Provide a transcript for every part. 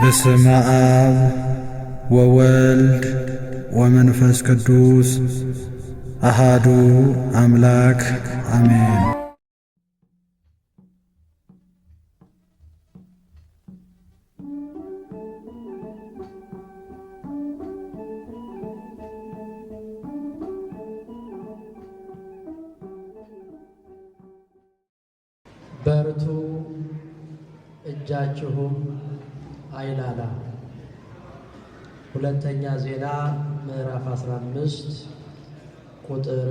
በስመ አብ ወወልድ ወመንፈስ ቅዱስ አሃዱ አምላክ አሜን። በርቱ እጃችሁም አይላላ። ሁለተኛ ዜና ምዕራፍ 15 ቁጥር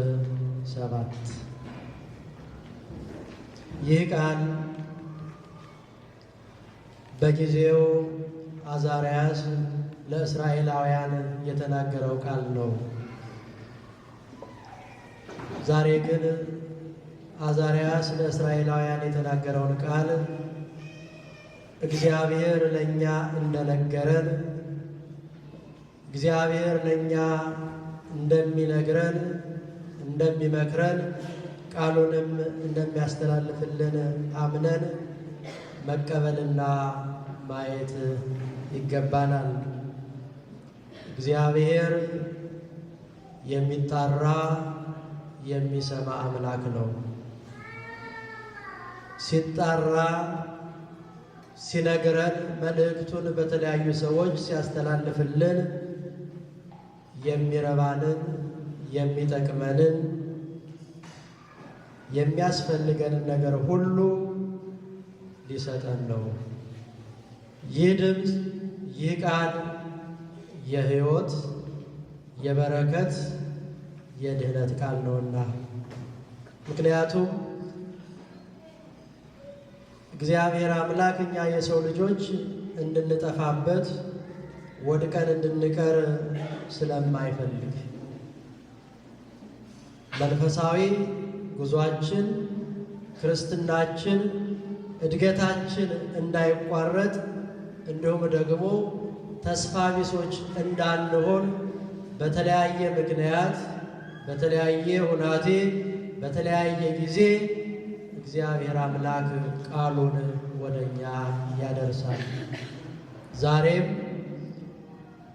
7 ይህ ቃል በጊዜው አዛርያስ ለእስራኤላውያን የተናገረው ቃል ነው። ዛሬ ግን አዛርያስ ለእስራኤላውያን የተናገረውን ቃል እግዚአብሔር ለእኛ እንደነገረን እግዚአብሔር ለእኛ እንደሚነግረን እንደሚመክረን ቃሉንም እንደሚያስተላልፍልን አምነን መቀበልና ማየት ይገባናል። እግዚአብሔር የሚጣራ የሚሰማ አምላክ ነው። ሲጣራ ሲነግረን መልእክቱን በተለያዩ ሰዎች ሲያስተላልፍልን የሚረባንን የሚጠቅመንን የሚያስፈልገንን ነገር ሁሉ ሊሰጠን ነው። ይህ ድምፅ ይህ ቃል የህይወት የበረከት የድህነት ቃል ነውና ምክንያቱም እግዚአብሔር አምላክ እኛ የሰው ልጆች እንድንጠፋበት ወድቀን እንድንቀር ስለማይፈልግ መንፈሳዊ ጉዟችን፣ ክርስትናችን፣ እድገታችን እንዳይቋረጥ እንዲሁም ደግሞ ተስፋ ቢሶች እንዳንሆን በተለያየ ምክንያት በተለያየ ሁናቴ በተለያየ ጊዜ እግዚአብሔር አምላክ ቃሉን ወደ እኛ ያደርሳል። ዛሬም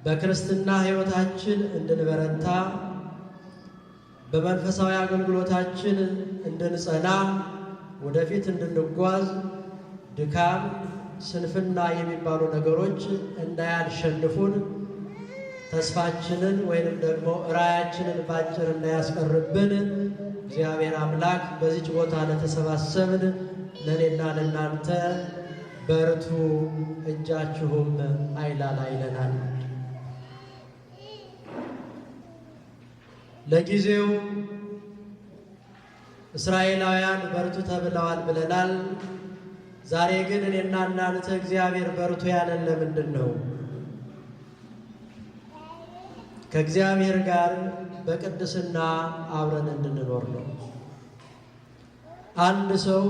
በክርስትና ሕይወታችን እንድንበረታ በመንፈሳዊ አገልግሎታችን እንድንጸና ወደፊት እንድንጓዝ ድካም፣ ስንፍና የሚባሉ ነገሮች እንዳያሸንፉን ተስፋችንን ወይንም ደግሞ ራያችንን ባጭር እንዳያስቀርብን እግዚአብሔር አምላክ በዚች ቦታ ለተሰባሰብን ለእኔና ለእናንተ በርቱ እጃችሁም አይላላ ይለናል። ለጊዜው እስራኤላውያን በርቱ ተብለዋል ብለናል። ዛሬ ግን እኔና እናንተ እግዚአብሔር በርቱ ያለን ለምንድን ነው? ከእግዚአብሔር ጋር በቅድስና አብረን እንድንኖር ነው። አንድ ሰው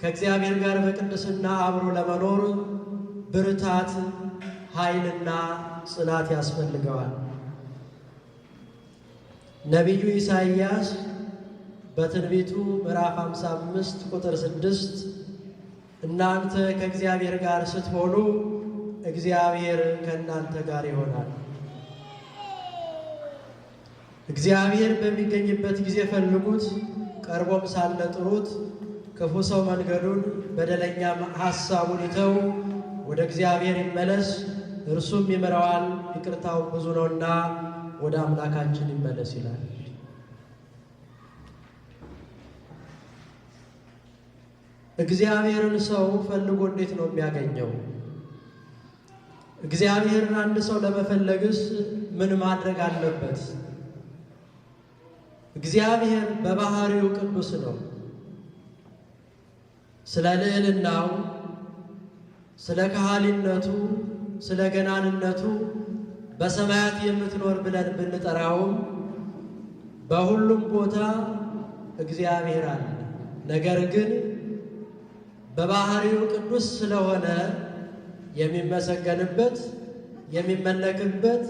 ከእግዚአብሔር ጋር በቅድስና አብሮ ለመኖር ብርታት፣ ኃይልና ጽናት ያስፈልገዋል። ነቢዩ ኢሳይያስ በትንቢቱ ምዕራፍ 55 ቁጥር 6 እናንተ ከእግዚአብሔር ጋር ስትሆኑ እግዚአብሔር ከእናንተ ጋር ይሆናል እግዚአብሔር በሚገኝበት ጊዜ ፈልጉት፣ ቀርቦም ሳለ ጥሩት። ክፉ ሰው መንገዱን በደለኛ ሐሳቡን ይተው፣ ወደ እግዚአብሔር ይመለስ፣ እርሱም ይምረዋል፣ ይቅርታው ብዙ ነውና ወደ አምላካችን ይመለስ ይላል። እግዚአብሔርን ሰው ፈልጎ እንዴት ነው የሚያገኘው? እግዚአብሔርን አንድ ሰው ለመፈለግስ ምን ማድረግ አለበት? እግዚአብሔር በባህሪው ቅዱስ ነው። ስለ ልዕልናው፣ ስለ ከሃሊነቱ፣ ስለ ገናንነቱ በሰማያት የምትኖር ብለን ብንጠራውም በሁሉም ቦታ እግዚአብሔር አለ። ነገር ግን በባህሪው ቅዱስ ስለሆነ የሚመሰገንበት የሚመለክበት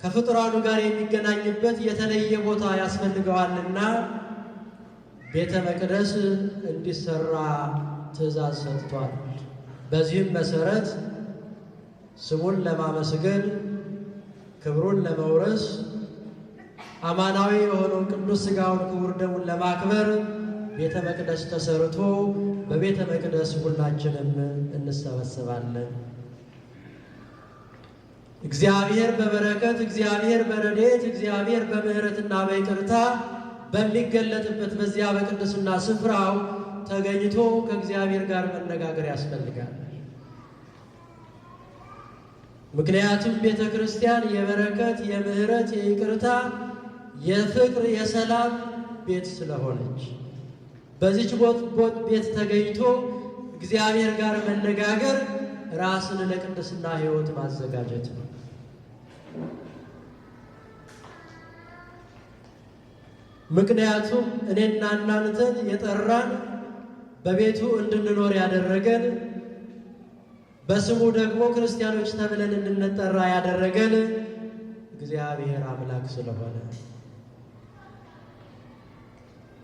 ከፍጡራኑ ጋር የሚገናኝበት የተለየ ቦታ ያስፈልገዋልና ቤተ መቅደስ እንዲሰራ ትእዛዝ ሰጥቷል። በዚህም መሰረት ስሙን ለማመስገን ክብሩን ለመውረስ አማናዊ የሆነውን ቅዱስ ሥጋውን ክቡር ደሙን ለማክበር ቤተ መቅደስ ተሰርቶ በቤተ መቅደስ ሁላችንም እንሰበሰባለን። እግዚአብሔር በበረከት እግዚአብሔር በረዴት እግዚአብሔር በምሕረትና በይቅርታ በሚገለጥበት በዚያ በቅድስና ስፍራው ተገኝቶ ከእግዚአብሔር ጋር መነጋገር ያስፈልጋል። ምክንያቱም ቤተ ክርስቲያን የበረከት የምሕረት የይቅርታ የፍቅር የሰላም ቤት ስለሆነች በዚች ቦት ቤት ተገኝቶ እግዚአብሔር ጋር መነጋገር ራስን ለቅድስና ሕይወት ማዘጋጀት ነው። ምክንያቱም እኔና እናንተን የጠራን በቤቱ እንድንኖር ያደረገን በስሙ ደግሞ ክርስቲያኖች ተብለን እንድንጠራ ያደረገን እግዚአብሔር አምላክ ስለሆነ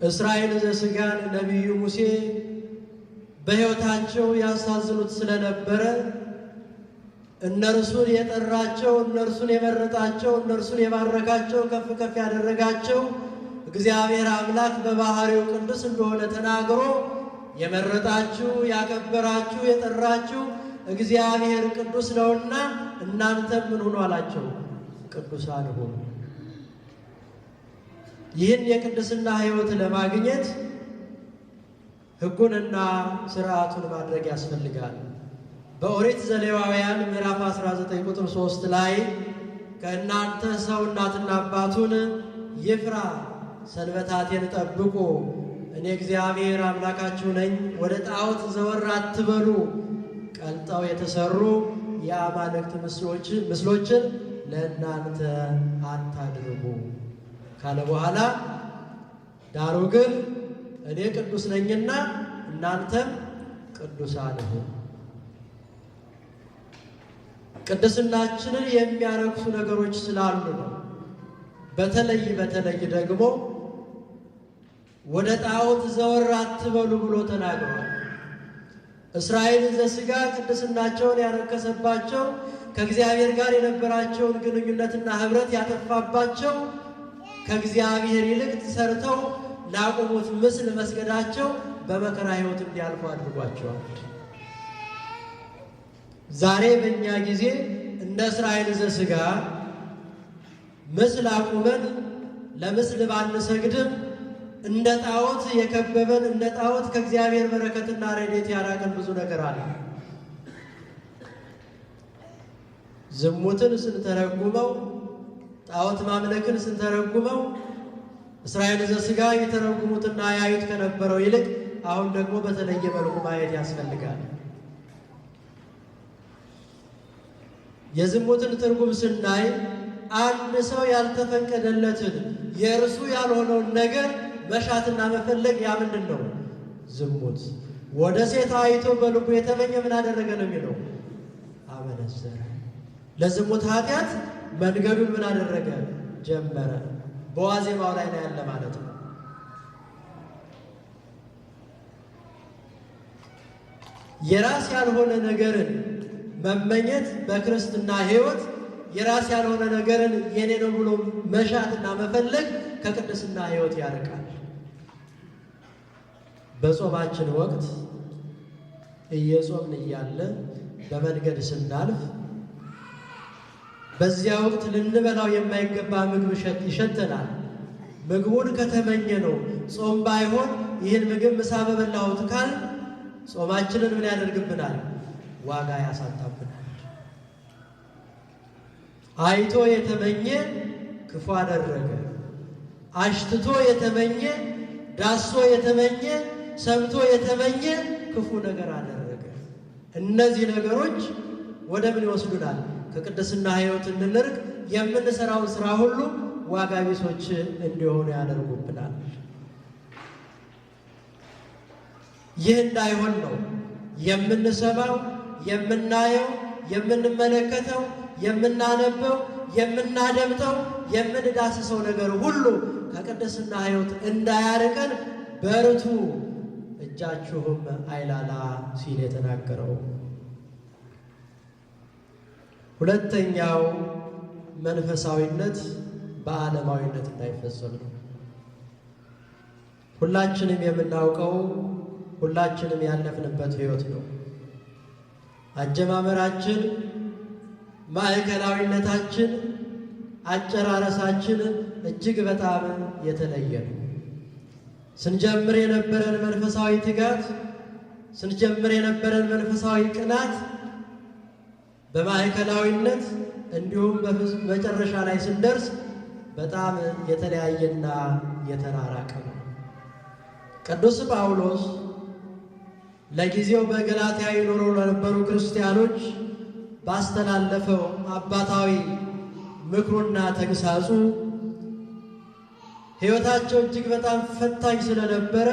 እስራኤል ዘስጋን ነቢዩ ሙሴ በሕይወታቸው ያሳዝኑት ስለነበረ እነርሱን የጠራቸው እነርሱን የመረጣቸው እነርሱን የባረካቸው ከፍ ከፍ ያደረጋቸው እግዚአብሔር አምላክ በባህሪው ቅዱስ እንደሆነ ተናግሮ የመረጣችሁ ያከበራችሁ የጠራችሁ እግዚአብሔር ቅዱስ ነውና እናንተ ምን ሁኑ አላቸው፣ ቅዱሳን ሁኑ። ይህን የቅድስና ሕይወት ለማግኘት ሕጉንና ስርዓቱን ማድረግ ያስፈልጋል። በኦሪት ዘሌዋውያን ምዕራፍ 19 ቁጥር 3 ላይ ከእናንተ ሰው እናትና አባቱን ይፍራ፣ ሰንበታቴን ጠብቁ፣ እኔ እግዚአብሔር አምላካችሁ ነኝ፣ ወደ ጣዖት ዘወር አትበሉ፣ ቀልጠው የተሰሩ የአማልክት ምስሎችን ለእናንተ አታድርጉ ካለ በኋላ ዳሩ ግን እኔ ቅዱስ ነኝና እናንተም ቅዱሳን ሁኑ ቅድስናችንን የሚያረክሱ ነገሮች ስላሉ ነው። በተለይ በተለይ ደግሞ ወደ ጣዖት ዘወር አትበሉ ብሎ ተናግሯል። እስራኤል ዘስጋ ቅድስናቸውን ያረከሰባቸው ከእግዚአብሔር ጋር የነበራቸውን ግንኙነትና ኅብረት ያጠፋባቸው ከእግዚአብሔር ይልቅ ሰርተው ላቆሙት ምስል መስገዳቸው በመከራ ሕይወት እንዲያልፉ አድርጓቸዋል። ዛሬ በእኛ ጊዜ እንደ እስራኤል ዘሥጋ ምስል አቁመን ለምስል ባንሰግድም እንደ ጣዖት የከበበን እንደ ጣዖት ከእግዚአብሔር በረከትና ረድኤት ያራቀን ብዙ ነገር አለ። ዝሙትን ስንተረጉመው፣ ጣዖት ማምለክን ስንተረጉመው እስራኤል ዘሥጋ የተረጉሙትና ያዩት ከነበረው ይልቅ አሁን ደግሞ በተለየ መልኩ ማየት ያስፈልጋል። የዝሙትን ትርጉም ስናይ አንድ ሰው ያልተፈቀደለትን የእርሱ ያልሆነውን ነገር መሻትና መፈለግ ያ ምንድን ነው? ዝሙት። ወደ ሴት አይቶ በልቡ የተመኘ ምን አደረገ ነው የሚለው? አመነዘረ። ለዝሙት ኃጢአት መንገዱን ምን አደረገ? ጀመረ። በዋዜማው ላይ ነው ያለ ማለት ነው። የራስ ያልሆነ ነገርን መመኘት በክርስትና ህይወት የራስ ያልሆነ ነገርን የኔ ነው ብሎ መሻትና መፈለግ ከቅድስና ህይወት ያርቃል። በጾማችን ወቅት እየጾምን እያለ በመንገድ ስናልፍ በዚያ ወቅት ልንበላው የማይገባ ምግብ ይሸተናል። ምግቡን ከተመኘ ነው። ጾም ባይሆን ይህን ምግብ ምሳ በበላሁት ካል ጾማችንን ምን ያደርግብናል? ዋጋ ያሳጣብናል። አይቶ የተመኘ ክፉ አደረገ፣ አሽትቶ የተመኘ ዳሶ የተመኘ ሰምቶ የተመኘ ክፉ ነገር አደረገ። እነዚህ ነገሮች ወደ ምን ይወስዱናል? ከቅድስና ሕይወት እንድንርቅ የምንሰራውን ስራ ሁሉ ዋጋ ቢሶች እንዲሆኑ ያደርጉብናል። ይህ እንዳይሆን ነው የምንሰማው የምናየው፣ የምንመለከተው፣ የምናነበው፣ የምናደምጠው፣ የምንዳስሰው ነገር ሁሉ ከቅድስና ሕይወት እንዳያርቀን በርቱ እጃችሁም አይላላ ሲል የተናገረው ሁለተኛው መንፈሳዊነት በዓለማዊነት እንዳይፈጸም ነው። ሁላችንም የምናውቀው ሁላችንም ያለፍንበት ሕይወት ነው። አጀማመራችን፣ ማዕከላዊነታችን፣ አጨራረሳችን እጅግ በጣም የተለየ ነው። ስንጀምር የነበረን መንፈሳዊ ትጋት፣ ስንጀምር የነበረን መንፈሳዊ ቅናት በማዕከላዊነት እንዲሁም መጨረሻ ላይ ስንደርስ በጣም የተለያየና የተራራቀ ነው። ቅዱስ ጳውሎስ ለጊዜው በገላትያ ይኖሩ ለነበሩ ክርስቲያኖች ባስተላለፈው አባታዊ ምክሩና ተግሳጹ ሕይወታቸው እጅግ በጣም ፈታኝ ስለነበረ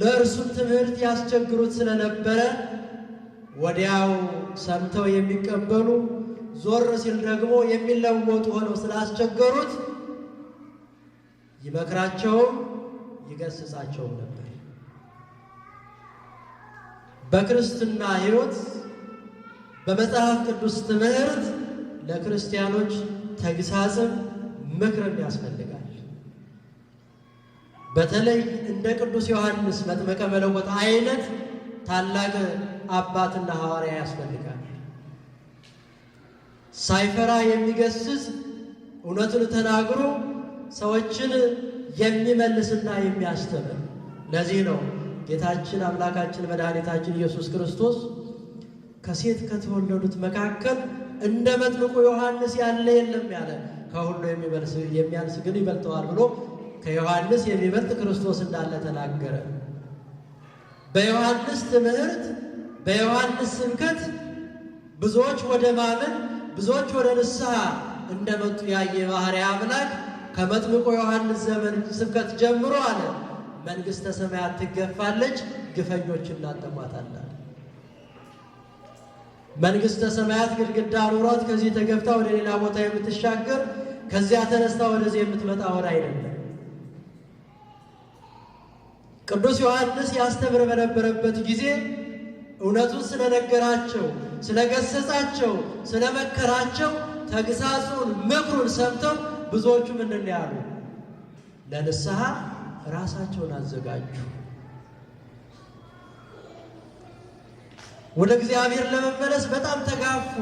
ለእርሱም ትምህርት ያስቸግሩት ስለነበረ ወዲያው ሰምተው የሚቀበሉ ዞር ሲል ደግሞ የሚለወጡ ሆነው ስላስቸገሩት ይመክራቸውም ይገስጻቸውም ነበር። በክርስትና ሕይወት በመጽሐፍ ቅዱስ ትምህርት ለክርስቲያኖች ተግሳጽም ምክርም ያስፈልጋል። በተለይ እንደ ቅዱስ ዮሐንስ መጥመቀ መለኮት አይነት ታላቅ አባትና ሐዋርያ ያስፈልጋል። ሳይፈራ የሚገስጽ እውነቱን ተናግሮ ሰዎችን የሚመልስና የሚያስተምር ለዚህ ነው ጌታችን አምላካችን መድኃኒታችን ኢየሱስ ክርስቶስ ከሴት ከተወለዱት መካከል እንደ መጥምቁ ዮሐንስ ያለ የለም ያለ ከሁሉ የሚያንስ ግን ይበልጠዋል ብሎ ከዮሐንስ የሚበልጥ ክርስቶስ እንዳለ ተናገረ። በዮሐንስ ትምህርት፣ በዮሐንስ ስብከት ብዙዎች ወደ ማመን ብዙዎች ወደ ንስሐ እንደመጡ ያየ ባሕርይ አምላክ ከመጥምቁ ዮሐንስ ዘመን ስብከት ጀምሮ አለ መንግሥተ ሰማያት ትገፋለች፣ ግፈኞች ላጠቋታላል። መንግሥተ ሰማያት ግድግዳ ኑሯት ከዚህ ተገፍታ ወደ ሌላ ቦታ የምትሻገር ከዚያ ተነስታ ወደዚህ የምትመጣ ወር አይደለም። ቅዱስ ዮሐንስ ያስተምር በነበረበት ጊዜ እውነቱን ስለነገራቸው፣ ስለገሰጻቸው፣ ስለመከራቸው ተግሳጹን ምክሩን ሰምተው ብዙዎቹ ምንን ያሉ ለንስሐ ራሳቸውን አዘጋጁ። ወደ እግዚአብሔር ለመመለስ በጣም ተጋፉ።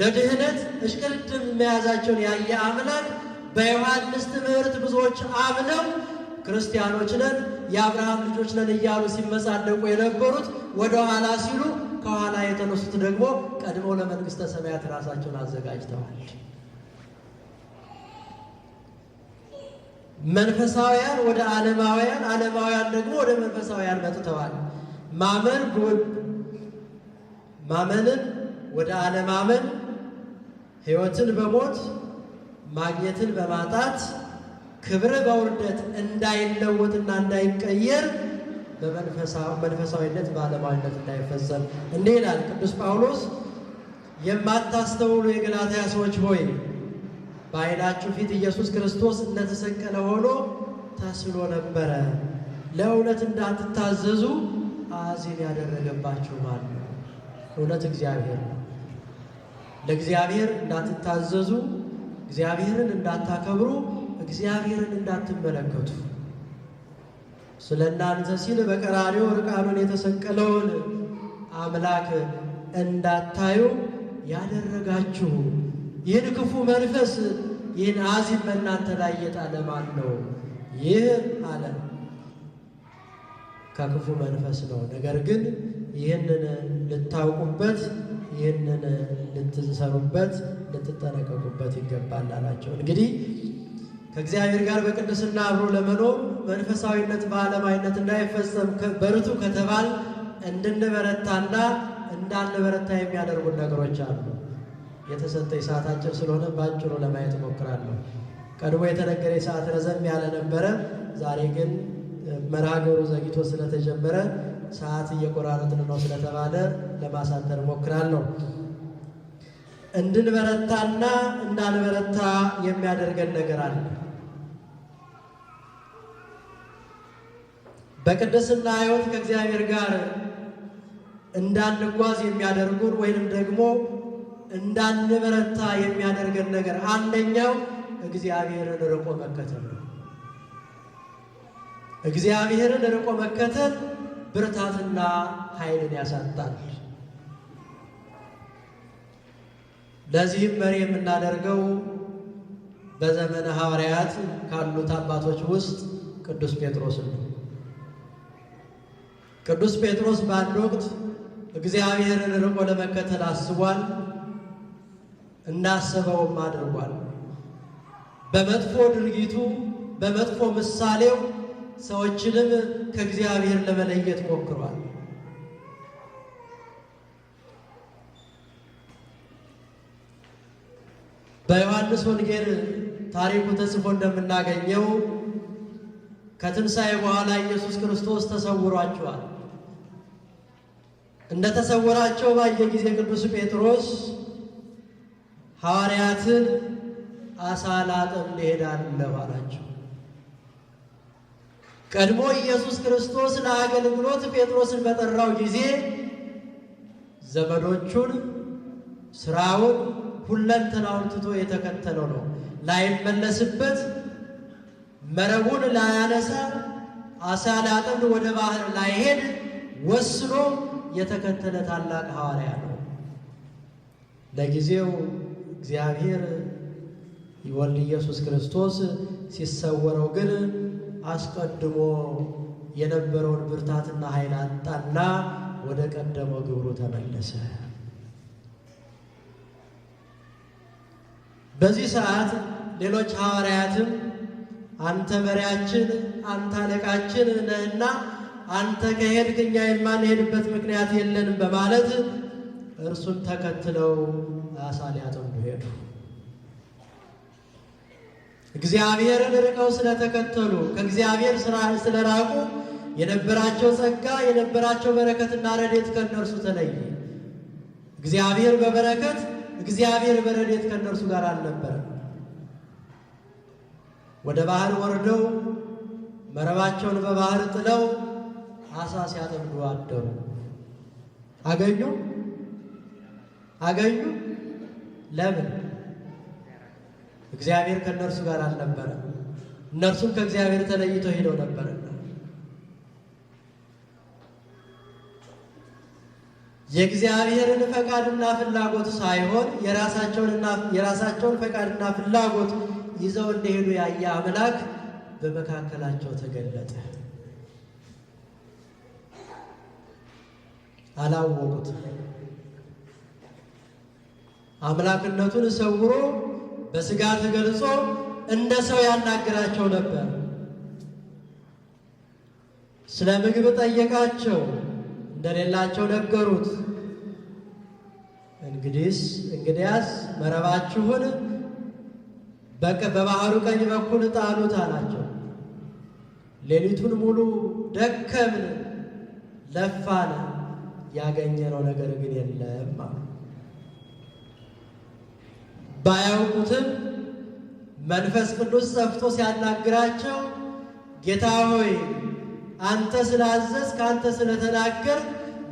ለድህነት እሽቅድድም መያዛቸውን ያየ አምላክ በዮሐንስ ትምህርት ብዙዎች አምነው ክርስቲያኖች ነን የአብርሃም ልጆች ነን እያሉ ሲመጻደቁ የነበሩት ወደ ኋላ ሲሉ፣ ከኋላ የተነሱት ደግሞ ቀድሞ ለመንግሥተ ሰማያት ራሳቸውን አዘጋጅተዋል። መንፈሳውያን ወደ ዓለማውያን፣ ዓለማውያን ደግሞ ወደ መንፈሳውያን መጥተዋል። ማመን ማመንን ወደ አለማመን፣ ሕይወትን በሞት ማግኘትን በማጣት ክብር በውርደት እንዳይለወጥና እንዳይቀየር በመንፈሳዊነት በዓለማዊነት እንዳይፈጸም እንዲህ ይላል ቅዱስ ጳውሎስ የማታስተውሉ የገላትያ ሰዎች ሆይ በዓይናችሁ ፊት ኢየሱስ ክርስቶስ እንደተሰቀለ ሆኖ ተስሎ ነበረ። ለእውነት እንዳትታዘዙ አዚን ያደረገባችሁ ማን ነው? እውነት እግዚአብሔር ነው። ለእግዚአብሔር እንዳትታዘዙ፣ እግዚአብሔርን እንዳታከብሩ፣ እግዚአብሔርን እንዳትመለከቱ ስለ እናንተ ሲል በቀራንዮ እርቃኑን የተሰቀለውን አምላክ እንዳታዩ ያደረጋችሁ ይህን ክፉ መንፈስ ይህን አዚም በእናንተ ላይ እየጣለ ማን ነው? ይህ አለ ከክፉ መንፈስ ነው። ነገር ግን ይህንን ልታውቁበት፣ ይህንን ልትሰሩበት፣ ልትጠነቀቁበት ይገባል አላቸው። እንግዲህ ከእግዚአብሔር ጋር በቅድስና አብሮ ለመኖር መንፈሳዊነት በዓለማዊነት እንዳይፈጸም በርቱ ከተባል እንድንበረታና እንዳንበረታ የሚያደርጉን ነገሮች አሉ። የተሰጠ ሰዓት አጭር ስለሆነ በአጭሩ ለማየት እሞክራለሁ። ቀድሞ የተነገረ ሰዓት ረዘም ያለ ነበረ። ዛሬ ግን መርሃ ግብሩ ዘግይቶ ስለተጀመረ ሰዓት እየቆራረጥን ነው ስለተባለ ለማሳጠር እሞክራለሁ። እንድንበረታና እንዳንበረታ የሚያደርገን ነገር አለ። በቅድስና ሕይወት ከእግዚአብሔር ጋር እንዳንጓዝ የሚያደርጉን ወይንም ደግሞ እንዳንበረታ የሚያደርገን ነገር አንደኛው እግዚአብሔርን ርቆ መከተል ነው። እግዚአብሔርን ርቆ መከተል ብርታትና ኃይልን ያሳጣል። ለዚህም መሪ የምናደርገው በዘመነ ሐዋርያት ካሉት አባቶች ውስጥ ቅዱስ ጴጥሮስ ነው። ቅዱስ ጴጥሮስ በአንድ ወቅት እግዚአብሔርን ርቆ ለመከተል አስቧል። እንዳሰበውም አድርጓል። በመጥፎ ድርጊቱ በመጥፎ ምሳሌው ሰዎችንም ከእግዚአብሔር ለመለየት ሞክሯል። በዮሐንስ ወንጌል ታሪኩ ተጽፎ እንደምናገኘው ከትንሣኤ በኋላ ኢየሱስ ክርስቶስ ተሰውሯቸዋል። እንደተሰወራቸው ባየ ጊዜ ቅዱስ ጴጥሮስ ሐዋርያትን አሳ ላጥብ እንሄዳለን አላቸው። ቀድሞ ኢየሱስ ክርስቶስ ለአገልግሎት ጴጥሮስን በጠራው ጊዜ ዘመዶቹን፣ ስራውን፣ ሁለንተናውን ትቶ የተከተለው ነው። ላይመለስበት መረቡን ላያነሳ አሳ ላጥብ ወደ ባህር ላይሄድ ወስኖ የተከተለ ታላቅ ሐዋርያ ነው ለጊዜው እግዚአብሔር ወልድ ኢየሱስ ክርስቶስ ሲሰወረው ግን አስቀድሞ የነበረውን ብርታትና ኃይል አጣና ወደ ቀደመው ግብሩ ተመለሰ። በዚህ ሰዓት ሌሎች ሐዋርያትም አንተ መሪያችን፣ አንተ አለቃችን ነህና አንተ ከሄድክ እኛ የማንሄድበት ምክንያት የለንም በማለት እርሱን ተከትለው አሳ ሊያጠምዱ ሄዱ። እግዚአብሔርን ርቀው ስለተከተሉ ከእግዚአብሔር ስለራቁ የነበራቸው ጸጋ የነበራቸው በረከትና ረዴት ከእነርሱ ተለየ። እግዚአብሔር በበረከት እግዚአብሔር በረድኤት ከእነርሱ ጋር አልነበረም። ወደ ባህር ወርደው መረባቸውን በባህር ጥለው አሳ ሲያጠምዱ አደሩ። አገኙ አገኙ ለምን? እግዚአብሔር ከእነርሱ ጋር አልነበረም። እነርሱም ከእግዚአብሔር ተለይቶ ሄደው ነበረ የእግዚአብሔርን ፈቃድና ፍላጎት ሳይሆን የራሳቸውን ፈቃድና ፍላጎት ይዘው እንደሄዱ ያየ አምላክ በመካከላቸው ተገለጠ። አላወቁት። አምላክነቱን ሰውሮ በስጋ ተገልጾ እንደ ሰው ያናግራቸው ነበር። ስለ ምግብ ጠየቃቸው፣ እንደሌላቸው ነገሩት። እንግዲስ እንግዲያስ መረባችሁን በባህሩ ቀኝ በኩል ጣሉት አላቸው። ሌሊቱን ሙሉ ደከምን፣ ለፋን፣ ያገኘነው ነገር ግን የለም። ባያውቁትም መንፈስ ቅዱስ ጸፍቶ ሲያናግራቸው ጌታ ሆይ አንተ ስላዘዝ ከአንተ ስለተናገር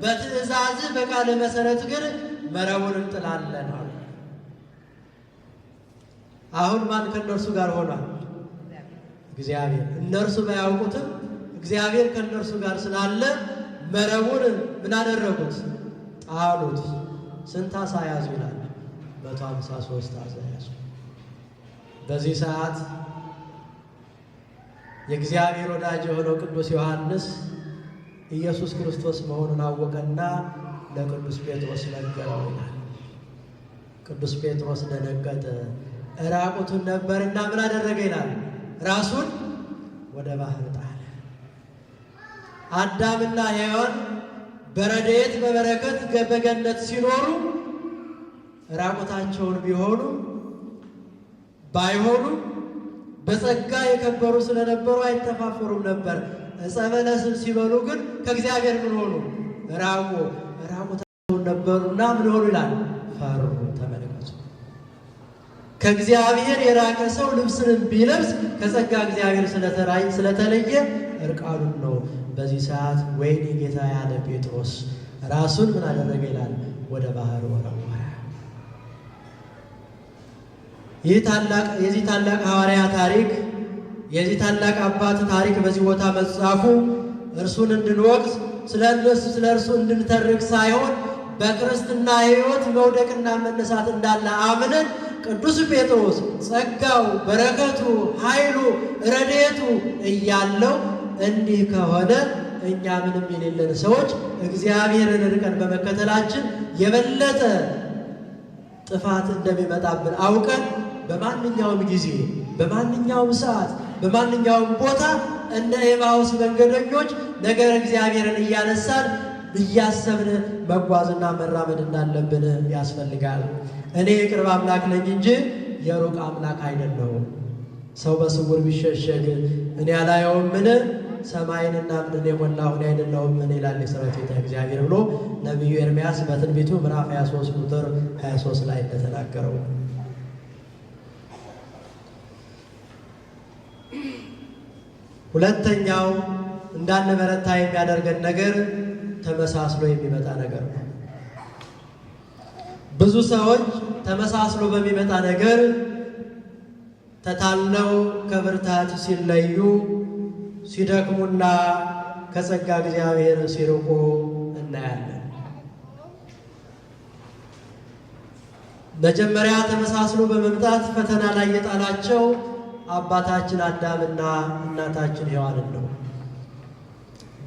በትእዛዝህ በቃለ መሰረት ግን መረቡን እንጥላለን። አሁን ማን ከእነርሱ ጋር ሆኗል? እግዚአብሔር። እነርሱ ባያውቁትም እግዚአብሔር ከእነርሱ ጋር ስላለ መረቡን ምን አደረጉት? ጣሉት። ስንት ዓሣ ያዙ ይላል መቶ ሃምሳ ሶስት አዘያሱ በዚህ ሰዓት የእግዚአብሔር ወዳጅ የሆነው ቅዱስ ዮሐንስ ኢየሱስ ክርስቶስ መሆኑን አወቀና ለቅዱስ ጴጥሮስ ነገረው ይላል። ቅዱስ ጴጥሮስ ደነገጠ፣ እራቁቱን ነበርና ምን አደረገ ይላል? ራሱን ወደ ባህር ጣለ። አዳምና ሔዋን በረድኤት በበረከት በገነት ሲኖሩ ራቁታቸውን ቢሆኑ ባይሆኑ በጸጋ የከበሩ ስለነበሩ አይተፋፈሩም ነበር። ዕፀ በለስን ሲበሉ ግን ከእግዚአብሔር ምን ሆኑ? ራቁ ራቁታቸውን ነበሩና ምን ሆኑ ይላል? ፈሩ። ተመለከቱ። ከእግዚአብሔር የራቀ ሰው ልብስንም ቢለብስ ከጸጋ እግዚአብሔር ስለተለየ እርቃኑን ነው። በዚህ ሰዓት ወይኔ ጌታ ያለ ጴጥሮስ ራሱን ምን አደረገ ይላል? ወደ ባህር ወረወ። የዚህ ታላቅ ሐዋርያ ታሪክ የዚህ ታላቅ አባት ታሪክ በዚህ ቦታ መጻፉ እርሱን እንድንወቅስ ስለ እርሱ እንድንተርክ ሳይሆን በክርስትና ሕይወት መውደቅና መነሳት እንዳለ አምነን ቅዱስ ጴጥሮስ ጸጋው፣ በረከቱ፣ ኃይሉ፣ ረድኤቱ እያለው እንዲህ ከሆነ እኛ ምንም የሌለን ሰዎች እግዚአብሔርን ርቀን በመከተላችን የበለጠ ጥፋት እንደሚመጣብን አውቀን በማንኛውም ጊዜ በማንኛውም ሰዓት በማንኛውም ቦታ እንደ ኤማውስ መንገደኞች ነገር እግዚአብሔርን እያነሳን እያሰብን መጓዝና መራመድ እንዳለብን ያስፈልጋል። እኔ የቅርብ አምላክ ነኝ እንጂ የሩቅ አምላክ አይደለሁም። ሰው በስውር ቢሸሸግ እኔ ምን ሰማይንና ምድርን የሞላሁ እኔ ምን ይላል የሰራዊት ጌታ እግዚአብሔር ብሎ ነቢዩ ኤርምያስ በትንቢቱ ምዕራፍ 23 ቁጥር 23 ላይ እንደተናገረው ሁለተኛው እንዳንበረታ የሚያደርገን ነገር ተመሳስሎ የሚመጣ ነገር ነው። ብዙ ሰዎች ተመሳስሎ በሚመጣ ነገር ተታለው ከብርታት ሲለዩ ሲደክሙና ከጸጋ እግዚአብሔር ሲርቁ እናያለን። መጀመሪያ ተመሳስሎ በመምጣት ፈተና ላይ የጣላቸው አባታችን አዳምና እናታችን ሔዋንን ነው።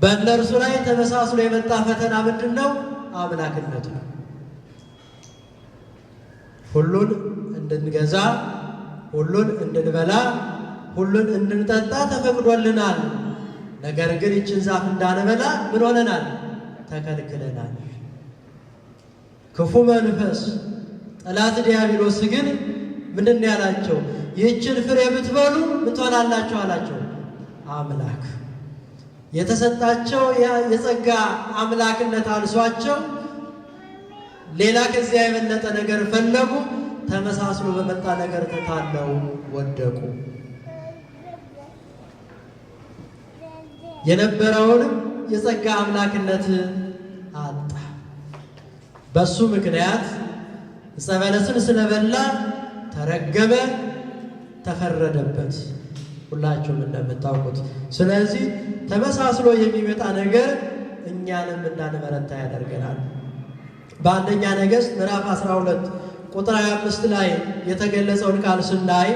በእነርሱ ላይ ተመሳስሎ የመጣ ፈተና ምንድን ነው? አምላክነቱ ሁሉን እንድንገዛ፣ ሁሉን እንድንበላ፣ ሁሉን እንድንጠጣ ተፈቅዶልናል። ነገር ግን ይችን ዛፍ እንዳንበላ ምን ሆነናል? ተከልክለናል። ክፉ መንፈስ ጠላት ዲያብሎስ ግን ምንድን ያላቸው? ይህችን ፍሬ ብትበሉ ምን አላቸው። አምላክ የተሰጣቸው የጸጋ አምላክነት አልሷቸው ሌላ ከዚያ የበለጠ ነገር ፈለጉ። ተመሳስሎ በመጣ ነገር ተታለው ወደቁ። የነበረውንም የጸጋ አምላክነት አጣ። በሱ ምክንያት ዕፀ በለስን ስለበላ ተረገመ፣ ተፈረደበት ሁላችሁም እንደምታውቁት። ስለዚህ ተመሳስሎ የሚመጣ ነገር እኛንም እንዳንበረታ ያደርገናል። በአንደኛ ነገሥት ምዕራፍ 12 ቁጥር 25 ላይ የተገለጸውን ቃል ስናይ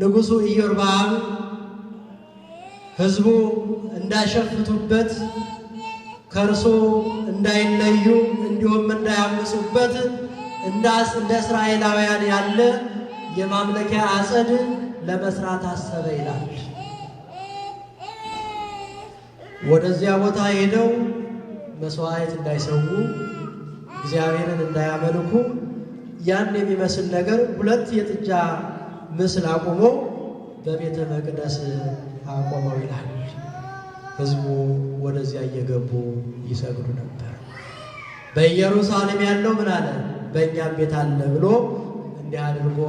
ንጉሡ ኢዮርብዓም ሕዝቡ እንዳይሸፍቱበት ከእርሱ እንዳይለዩ እንዲሁም እንዳያምፁበት እንደ እስራኤላውያን ያለ የማምለኪያ አጸድ ለመስራት አሰበ ይላል። ወደዚያ ቦታ ሄደው መስዋዕት እንዳይሰዉ እግዚአብሔርን እንዳያመልኩ ያን የሚመስል ነገር ሁለት የጥጃ ምስል አቁመው በቤተ መቅደስ አቆመው ይላል። ሕዝቡ ወደዚያ እየገቡ ይሰግዱ ነበር። በኢየሩሳሌም ያለው ምን አለ? በእኛም ቤት አለ ብሎ እንዲህ አድርጎ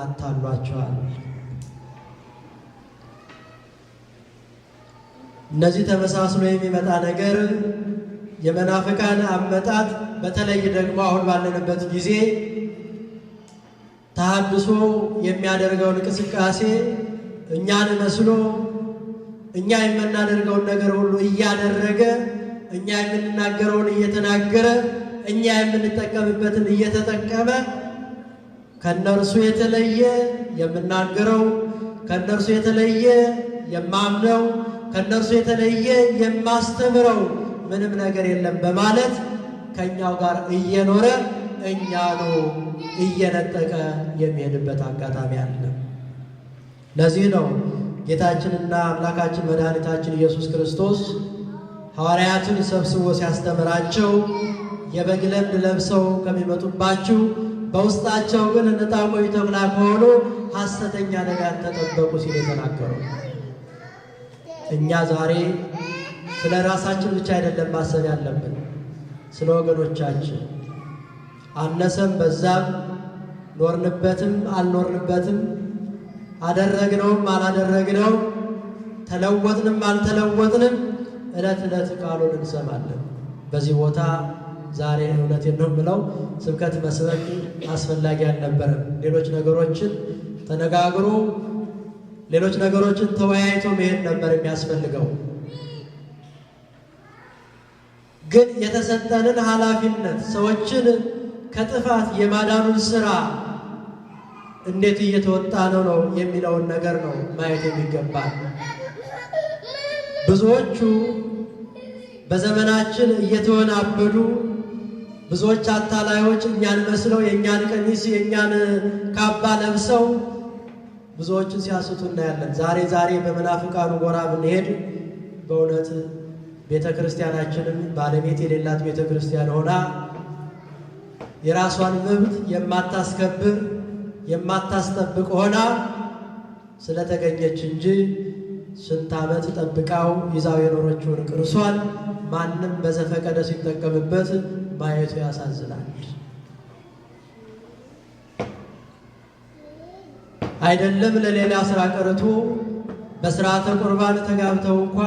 አታሏቸዋል። እነዚህ ተመሳስሎ የሚመጣ ነገር የመናፍቃን አመጣት፣ በተለይ ደግሞ አሁን ባለንበት ጊዜ ተሐድሶ የሚያደርገውን እንቅስቃሴ እኛን መስሎ እኛ የምናደርገውን ነገር ሁሉ እያደረገ እኛ የምንናገረውን እየተናገረ እኛ የምንጠቀምበትን እየተጠቀመ ከእነርሱ የተለየ የምናገረው ከእነርሱ የተለየ የማምነው ከእነርሱ የተለየ የማስተምረው ምንም ነገር የለም በማለት ከእኛው ጋር እየኖረ እኛኑ እየነጠቀ የሚሄድበት አጋጣሚ አለ። ለዚህ ነው ጌታችንና አምላካችን መድኃኒታችን ኢየሱስ ክርስቶስ ሐዋርያትን ሰብስቦ ሲያስተምራቸው የበግ ለምድ ለብሰው ከሚመጡባችሁ በውስጣቸው ግን ንጣ ቆይተብላ ከሆኑ ሐሰተኛ ነገር ተጠበቁ ሲል የተናገሩ። እኛ ዛሬ ስለ ራሳችን ብቻ አይደለም ማሰብ ያለብን፣ ስለ ወገኖቻችን አነሰም በዛም ኖርንበትም አልኖርንበትም አደረግነውም አላደረግነው ተለወጥንም አልተለወጥንም ዕለት ዕለት ቃሉን እንሰማለን። በዚህ ቦታ ዛሬ እውነት ነው ብለው ስብከት መስበክ አስፈላጊ አልነበረም። ሌሎች ነገሮችን ተነጋግሮ ሌሎች ነገሮችን ተወያይቶ መሄድ ነበር የሚያስፈልገው። ግን የተሰጠንን ኃላፊነት ሰዎችን ከጥፋት የማዳኑን ስራ እንዴት እየተወጣ ነው ነው የሚለውን ነገር ነው ማየት የሚገባል። ብዙዎቹ በዘመናችን እየተወናበዱ ብዙዎች አታላዮች እኛን መስለው የእኛን ቀሚስ የእኛን ካባ ለብሰው ብዙዎችን ሲያስቱ እናያለን። ዛሬ ዛሬ በመናፍቃኑ ጎራ ብንሄድ በእውነት ቤተ ክርስቲያናችንም ባለቤት የሌላት ቤተ ክርስቲያን ሆና የራሷን መብት የማታስከብር የማታስጠብቅ ሆና ስለተገኘች እንጂ ስንት ዓመት ጠብቃው ይዛው የኖረችውን ቅርሷን ማንም በዘፈቀደ ሲጠቀምበት ማየቱ ያሳዝናል። አይደለም ለሌላ ስራ ቀርቶ በስርዓተ ቁርባን ተጋብተው እንኳ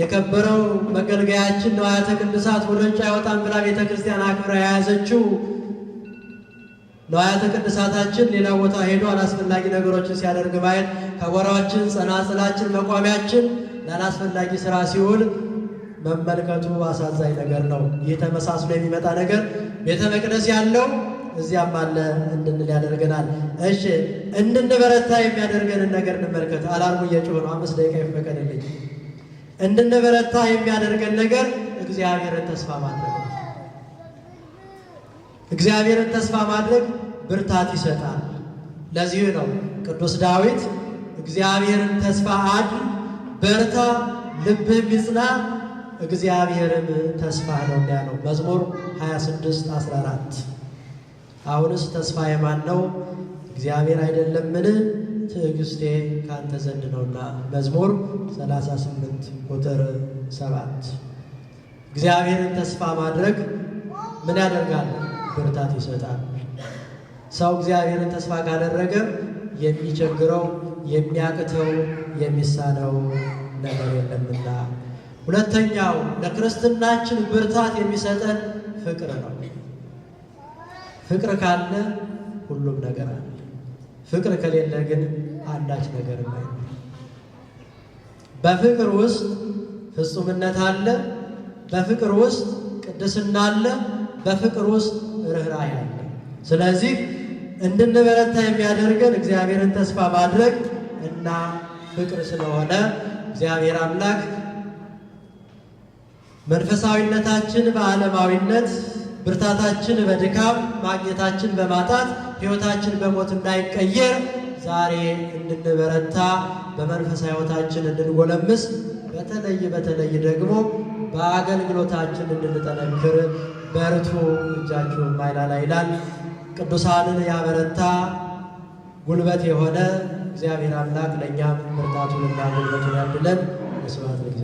የከበረው መገልገያችን ነዋያተ ቅድሳት ወደ አይወጣም ብላ ቤተ ክርስቲያን አክብራ የያዘችው ነዋያተ ቅድሳታችን ሌላ ቦታ ሄዶ አላስፈላጊ ነገሮችን ሲያደርግ ማየት ከበራችን፣ ጸናጽላችን፣ መቋሚያችን ለአላስፈላጊ ስራ ሲውል መመልከቱ አሳዛኝ ነገር ነው። ይህ ተመሳስሎ የሚመጣ ነገር ቤተ መቅደስ ያለው እዚያም አለ እንድንል ያደርገናል። እሺ እንድንበረታ የሚያደርገንን ነገር እንመልከት። አላርሙ እየጮኸ ነው። አምስት ደቂቃ ይፈቀድልኝ። እንድንበረታ የሚያደርገን ነገር እግዚአብሔርን ተስፋ ማድረግ ነው። እግዚአብሔርን ተስፋ ማድረግ ብርታት ይሰጣል። ለዚህ ነው ቅዱስ ዳዊት እግዚአብሔርን ተስፋ አድ በርታ፣ ልብህም ይጽና እግዚአብሔርም ተስፋ ነው ነው መዝሙር 26 14 አሁንስ ተስፋ የማን ነው እግዚአብሔር አይደለምን ትዕግስቴ ካንተ ዘንድ ነውና መዝሙር 38 ቁጥር 7 እግዚአብሔርን ተስፋ ማድረግ ምን ያደርጋል ብርታት ይሰጣል ሰው እግዚአብሔርን ተስፋ ካደረገ የሚቸግረው የሚያቅተው የሚሳነው ነገር የለምና ሁለተኛው ለክርስትናችን ብርታት የሚሰጠን ፍቅር ነው። ፍቅር ካለ ሁሉም ነገር አለ። ፍቅር ከሌለ ግን አንዳች ነገር ነው። በፍቅር ውስጥ ፍጹምነት አለ። በፍቅር ውስጥ ቅድስና አለ። በፍቅር ውስጥ ርኅራኄ አለ። ስለዚህ እንድንበረታ የሚያደርገን እግዚአብሔርን ተስፋ ማድረግ እና ፍቅር ስለሆነ እግዚአብሔር አምላክ መንፈሳዊነታችን በዓለማዊነት፣ ብርታታችን በድካም፣ ማግኘታችን በማጣት፣ ሕይወታችን በሞት እንዳይቀየር ዛሬ እንድንበረታ በመንፈሳዊ ሕይወታችን እንድንጎለምስ በተለይ በተለይ ደግሞ በአገልግሎታችን እንድንጠነክር በርቱ እጃችሁ ማይላላ ይላል። ቅዱሳንን ያበረታ ጉልበት የሆነ እግዚአብሔር አምላክ ለእኛም ብርታቱንና ጉልበቱን ያድለን። ስብሐት